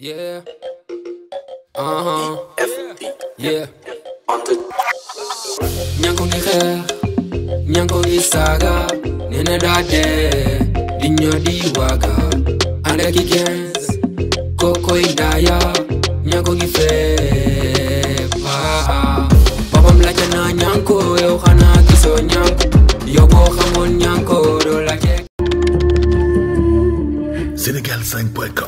Yeah. Uh huh. Yeah. Nyanko ni khe, nyanko ni nene dade, dinyo di waga, ande ki koko indaya, Nyango ni pa. Papa mlacha na nyango, eo khana kiso nyanko, yobo khamon nyango, do la Sénégal 5.com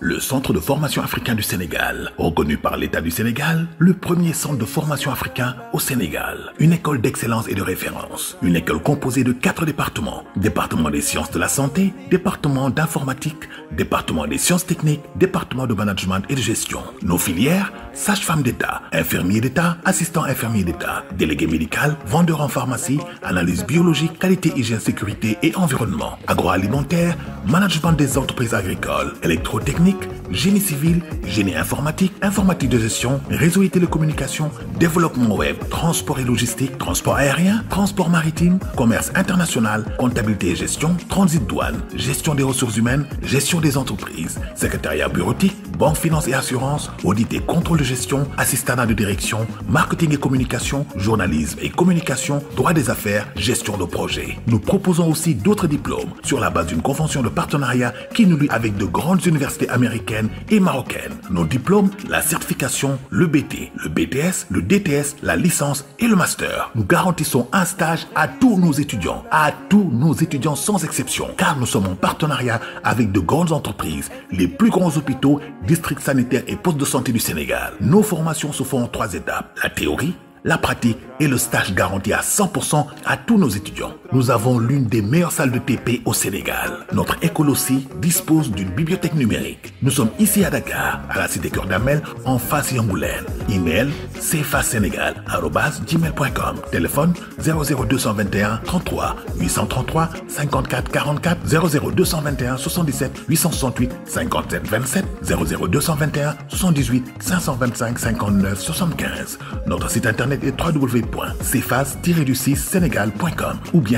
Le Centre de formation africain du Sénégal, reconnu par l'État du Sénégal, le premier centre de formation africain au Sénégal. Une école d'excellence et de référence. Une école composée de quatre départements. Département des sciences de la santé, département d'informatique, département des sciences techniques, département de management et de gestion. Nos filières, sage-femme d'État, infirmier d'État, assistant infirmier d'État, délégué médical, vendeur en pharmacie, analyse biologique, qualité, hygiène, sécurité et environnement, agroalimentaire, management des entreprises agricoles, électrotechnique, génie civil, génie informatique, informatique de gestion, réseau et télécommunications, développement web, transport et logistique, transport aérien, transport maritime, commerce international, comptabilité et gestion, transit douane, gestion des ressources humaines, gestion des entreprises, secrétariat bureautique, banque finance et assurance, audit et contrôle de gestion, assistantat de direction, marketing et communication, journalisme et communication, droit des affaires, gestion de projet. Nous proposons aussi d'autres diplômes sur la base d'une convention de partenariat qui nous lie avec de grandes universités américaine et marocaine. Nos diplômes, la certification, le BT, le BTS, le DTS, la licence et le master. Nous garantissons un stage à tous nos étudiants, à tous nos étudiants sans exception, car nous sommes en partenariat avec de grandes entreprises, les plus grands hôpitaux, districts sanitaires et postes de santé du Sénégal. Nos formations se font en trois étapes, la théorie, la pratique et le stage garanti à 100% à tous nos étudiants nous avons l'une des meilleures salles de TP au Sénégal. Notre école aussi dispose d'une bibliothèque numérique. Nous sommes ici à Dakar, à la cité Cœur d'Amel, en face Yangoulène. Email gmail.com Téléphone 00221 33 833 54 44 00221 77 868 57 27 00221 78 525 59 75. Notre site internet est wwwcfas du sénégalcom ou bien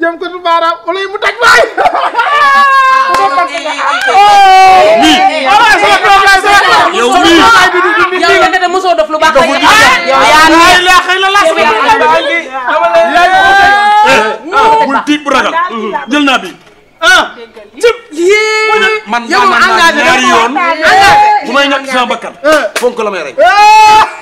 jëm ko tu baaraam wala mu taj waay. yow mii yow nga ne mosoo def lu baax rek. yow yaa ngi lay la xëy na la sama yow bul tiit bu ragal jël naa bi ah man man engagé ñaari yoon bu may ñàkk sama bakkan fonk la may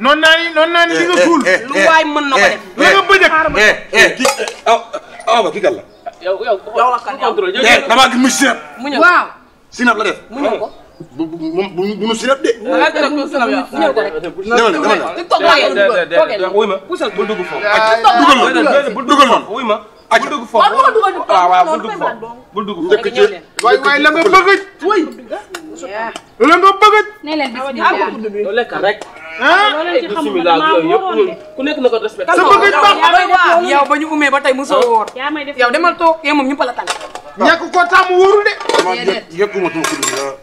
noonu naa ni noonu naa ni eh, li nga suul. Eh, eh, lu waay mën na ko def. la nga bëj ak kii aw aw ba kii kan la. yow yow yow wax kan yow. damaa gis muy sinap. mu ñëw waaw. sinap la def. mu ñëw ko. bu bu bu bu nu sinap de. walaay dara ko sinap yow. mu ñëw ko rek. dama ne dama ne. te toog waaye dugal wuy ma. puusal bul dugg foofu. Ah, dugal bul dugal noonu wuy ma. ak bul dugg foofu waaw ah, waaw bul dugg foofu bul dugg foofu. njëkk ci waay waay la nga bëgg. waay la nga bëgg. ne ah, leen bis bi rek. ah bisimilah yëpp ku nekk na ko respecté. sa bëgg baax yow ba ñu umee ba tey mosoo woor. yow demal toog yow moom ñu pala tànn. ñàkk ko tàmm wóorul de. ma toog ah.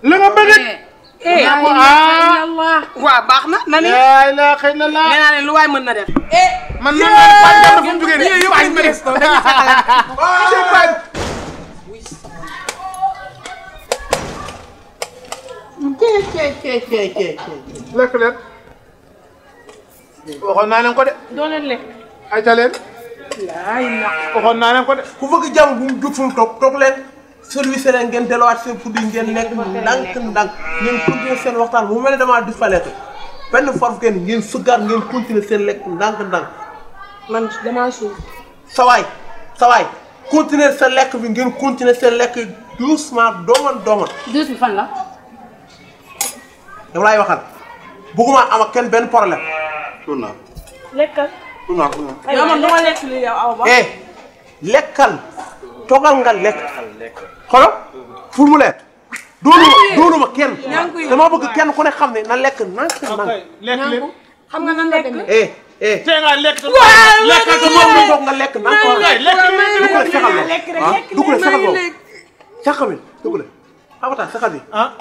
la nga bëgg. eh ah. baax na na ni. yaay la xëy na laa. nee naa leen lu waay mën na def. Eh, man man man lekk leen. waxoon naa leen ko de. doo leen lekk. ayca leen. waxoon naa leen ko de. ku bëgg jàmm bu mu jug fu mu toog toog leen. service leen ngeen delluwaat seen produit ngeen lekk ndànk ndànk ngeen continuer seen waxtaan bu mel ne damaa disparaître benn forf kenn ngeen sëggaat ngeen continuer seen lekk ndànk ndànk. man damaa suuf. sawaay sawaay continuer sa lekk bi ngeen continuer seen lekk doucement doman doman. doucement fan la. dama laay waxal bëgguma am ak kenn benn problème. tuur naa. lekkal. tuur naa tuur naa. aywa man dama lekk li yow aw ba. eh lekkal toogal nga lekk. xolo pour mu lekk. doonu ma doonu ma kenn. dama bëgg kenn ku ne xam ne na lekk na lekk xam nga nan la demee. eh eh tey nga lekk te moom nga lekk nan ko lekk. du ko le saxal boobu saxal bi du ko le. abataa saxal bi. Ah.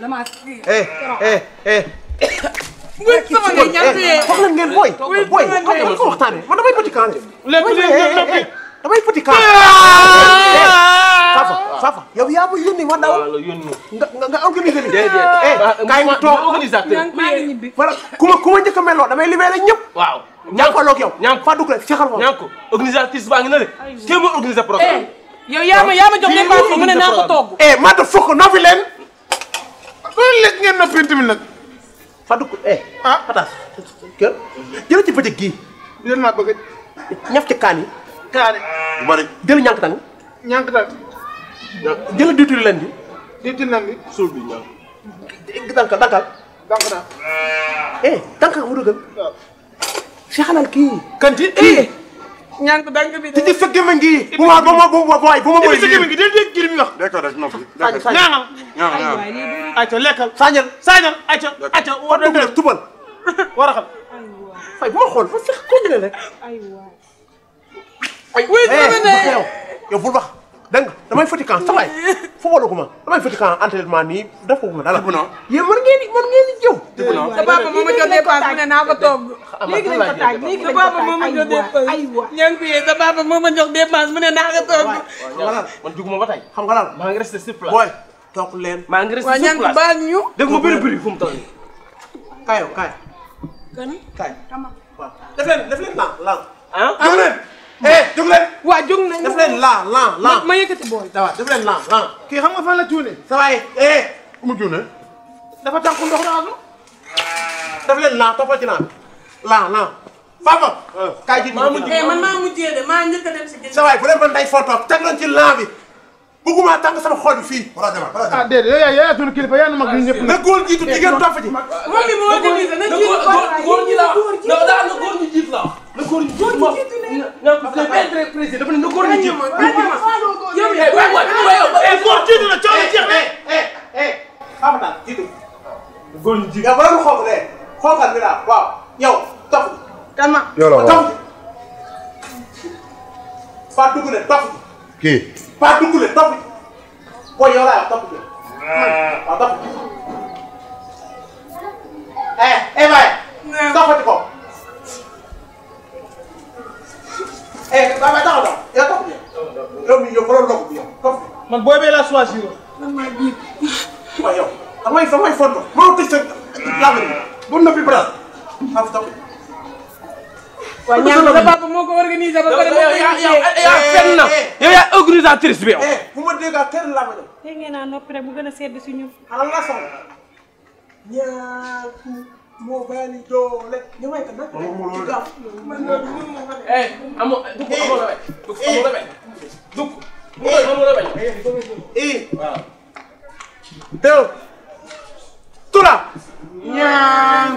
dama eh eh eh, eh la ngeen boy boy dama ko waxtaane man damay petit camp léegi léegi eh, eh, damay petit camp Fafa ah! Fafa yow yaa ma yónni ma daw nga nga organisé li eh kaay ma toog organisateur ma ku ma a meloo damay li ñëpp waaw jàppaloo ak yow ñaan fa dugg rek fexal ma ñaan ko baa ngi na de kéem a organisé programme yow yaa ma yaa ma jox ne naa ko togg eh maa fokk noo fi loolu lekk ngeen noppi tamit nag. Fadou eh. ah Fatas kër jël ci bëccëg gii. jël naa bëgg ñaf ci kaan yi. kaan yi bu jël ñànk tàng. ñànk tàng. jël diwtiir leen bi. diwtiir leen bi. suul bi mu dugal. si xalaal kii. kanti eh. ñaan ko danga bi di sa gémmiñ gi bu ma bu ma bu ma bu ma mooy sa gémmiñ gi di dégg gi li muy wax lekkal rek noppi ñaanal ñaanal ayca lekkal sañal sañal ayca ayca war na def tubal war a xam fay bu ma xool fa sax ko jëlee rek ay waay ay waay eh, yow bul wax dégg nga damay fatigant sama yi footballu ko ma damay fatigant entraînement nii def ko ma dara. dëgg naa yéen mën ngeen di mën ngeen di jëw. dëgg naa sa papa moo ma jox dépense mu ne naa ko togg. léegi lañ ko taaj léegi lañ ko taaj aywa aywa. sa papa moo ma jox dépense mu ne naa ko togg. waaw man juguma ba xam nga lan maa ngi resté sur place. booy toog leen. maa ngi resté sur place waaw ñaan baal ñu. dégg nga bëri bëri fu mu toll nii. kaayoo kaay. gën a kaay. def leen def leen lan lan. ah eh jóg leen. waaw jóg nañ daf leen lan lan lan ma yëkkati bool. waaw daf leen kii xam nga fan la cuune. sa waay eh, eh. mu cuune. dafa tànku ndox daal. daf leen lan toppal ci naan lan lan. papa. Euh. kaay ji maa mujjee eh, man maa mujjee de maa njëkk a dem si. sa waay bu leen mën day foto teg leen ci sama xol fii. voilà dama voilà dama ah déedéet yow yaa yaa nu mag ñun ñëpp. na góor jiitu jigéen topp ji. moom mi moo ñoo la woo taw Paa Duggule topp kii Paa Duggule topp booy yow laa topp bi ah. waaw topp eh eh Baye toppati ko eh Baye Baye taxaw yow topp bi yow mii yow borom lopp bi yow topp man booy bee laa choisir man maa ji waaw yow damay damay fonto mënoo tëj sa làmb ah. bi ba noppi brasse xam nga topp waaw ñaan sa papa moo ko organisé ba pare moo yaa fenn na yow yaa eh, eh, organisatrice bi yow. bu eh, ngeen naa noppi rek mu gën si ñu may ko nag.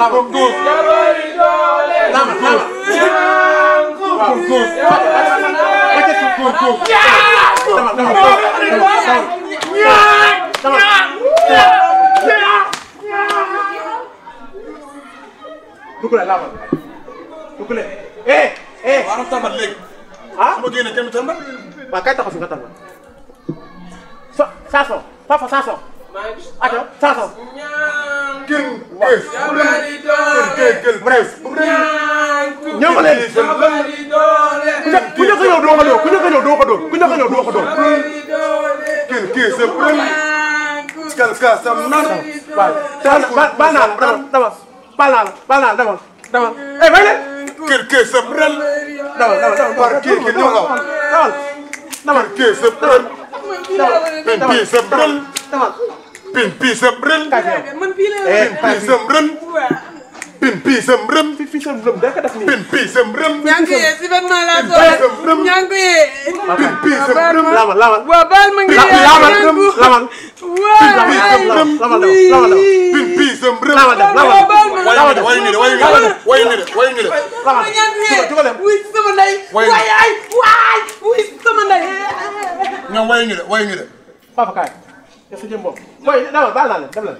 Lamungu. Lamungu. Lamungu. Dugule lamal. Dugule. Eh, eh. Waram tambal leg. Ah? Sama gene kenn tambal. Ba kay taxaw fi nga tambal. Sa saso, papa saso. Atta Sassou. King Kees. ku njëkk a ñëw doo ko dóor ku njëkk a ñëw doo ko dóor ku njëkk a ñëw doo ko dóor. King Kees c'est premier. Kalka Sam naan. waaw baal baal naa la dama baal naa la baal naa la dama dama eh may leen. King Kees c'est premier. dama dama dama par kii kii ñëw nga. dama dama King Kees c'est premier. dama dama King Kees c'est premier. pin piisam rën. man fii lay rën. Eh, pin piisam rën. pin piisam rën. pin piisam nii. pin piisam si benn maa laa soxla ñaa ngi koy. pin piisam rën. laabal laabal waaw baal ma ngi lay wa laabal. pin piisam rën. laabal def laabal laabal def wayu nii de wayu nii de wayu nii de wayu nga sa jëm bopp mooy demal baal naa leen dem leen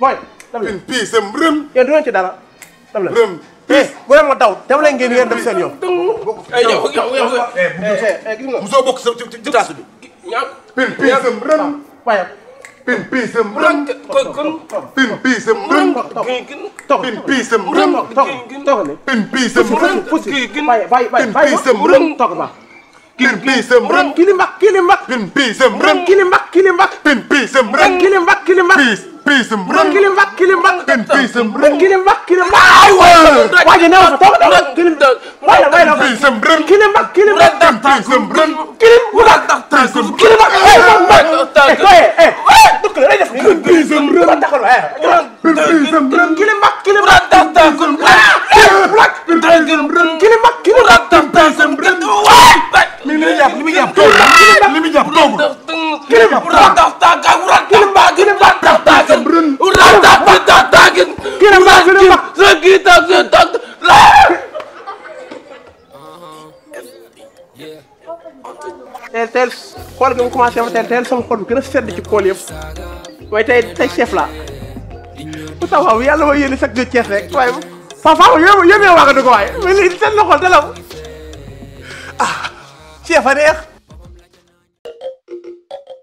mooy dem leen pii sam rëm yéen du leen ci dara dem leen rëm pii bu leen ma daw dem leen ngeen ngeen dem seen yoon musoo bokk sa ci taasu bi pin pii sam rëm waaye pin pii sam rëm pin pii sam rëm pin pii sam rëm pin pii sam rëm pin pii sam rëm pin pii sam rëm Pin pi sembrën. Kilimbak kilimbak. Pin pi sembrën. Kilimbak kilimbak. Pin pi sembrën. Kilimbak kilimbak. Pis pi sembrën. Kilimbak kilimbak. Pin pi sembrën. Kilimbak kilimbak. Aywa. Waaye ne woon toog na kilimbak. Waaye waaye na pi sembrën. Kilimbak kilimbak. Pin pi sembrën. Kilimbak pi sembrën. Kilimbak. Eh eh. Donc lay def ni. Pin pi sembrën. Pin pi sembrën. Kilimbak kilimbak. Kilimbak kilimbak. li muy jàpp doomu. kilim uraataaf taaka uraataaf taagin uraataaf taagin uraataaf taagin. kilim maa gën a mag kilim maa gën a mag. teel teel xool nga mu commencé ma teel teel sama xol bi gën a sedd ci kool yëpp waaye tey tey chef laa bu taxaw yàlla ma yéene chaque jour Thiès rek waaye papa yéeme yéeme waa nga dugg waaye mais lii seen loxo dalaw ah chef a neex.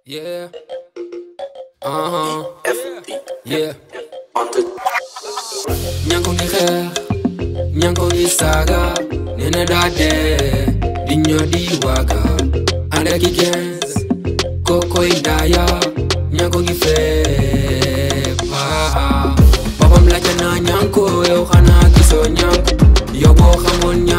Yeah. Uh huh. Yeah. Nyango ni khair, nyango ni saga, nene dade, dinyo diwaga, anda ki gens, koko indaya, Nyango ni fe pa. Papa mlaja na nyango, yo kana kiso nyango, yo bo khamon nyanko.